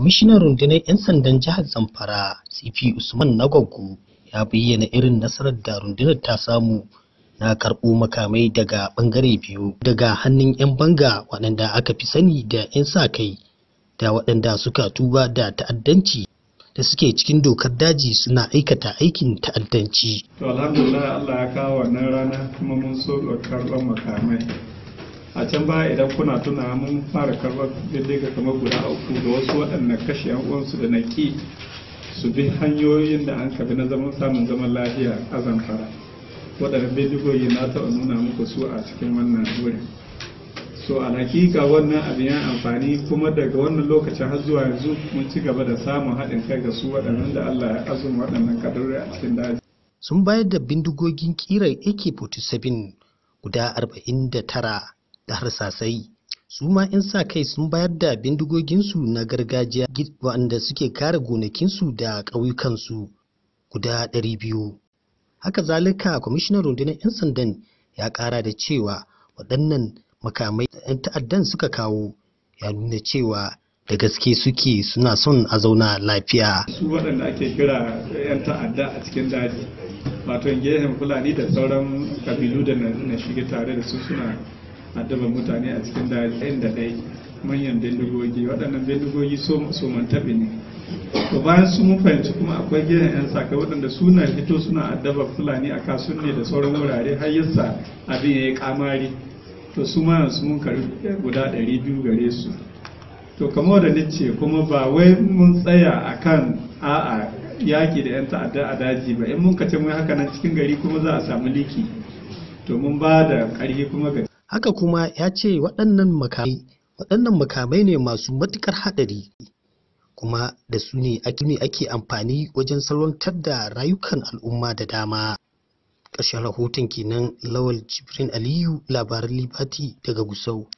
kwamishinan rundunar 'yan sandan jihar zamfara cp usman Nagogo, ya bayyana irin nasarar da rundunar ta samu na karɓo makamai daga ɓangare biyu daga hannun 'yan banga waɗanda aka fi sani da 'yan sa kai da waɗanda suka tuba da ta'addanci da suke cikin dokar daji suna aikata aikin ta'addanci. to alhamdulillah allah ya kawo wannan rana kuma mun so karɓar makamai a can baya idan kuna tuna mun fara karbar bindiga kamar guda uku da wasu waɗanda kashe yan uwansu da naki su bi hanyoyin da an kabi na zaman samun zaman lafiya a zamfara waɗanda bindigoyi na taɓa nuna muku su a cikin wannan wurin so a hakika wannan abin ya amfani kuma daga wannan lokacin har zuwa yanzu mun ci gaba da samun haɗin kai ga su waɗannan da Allah ya azumi waɗannan kadurri a cikin daji. sun bayar da bindigogin kirar ak-47 guda 49 da harsasai su ma 'yan sa kai sun bayar da bindigoginsu na gargajiya waɗanda suke kare gonakinsu da ƙauyukansu guda ɗari biyu. haka zalika kwamishinan rundunar 'yan sandan ya ƙara da cewa waɗannan makamai da 'yan ta'addan suka kawo ya nuna cewa da gaske suke suna son a zauna lafiya su waɗanda ake kira 'yan ta'adda a cikin daji wato gehen fulani da sauran kabilu da na shiga tare da su suna addaba mutane a cikin dalilin da ɗai manyan bindigogi waɗannan bindigogi soman taɓi ne to bayan su mun fahimci kuma akwai gidan yan sakai waɗanda suna fito suna addaba fulani a ne da sauran wurare har yasa abin ya yi kamari to su ma yanzu mun karbi guda ɗari biyu gare su to kamar da ni ce kuma ba wai mun tsaya a kan a'a yaƙi da yan ta'adda a daji ba in mun kace mun haka nan cikin gari kuma za a samu liki to mun ba da ƙarfi kuma ga haka kuma ya ce waɗannan makamai waɗannan makamai ne masu matukar haɗari kuma da su ne ake amfani wajen salwantar da rayukan al'umma da dama ƙarshen rahoton kenan lawal jibrin aliyu labaran libati daga gusau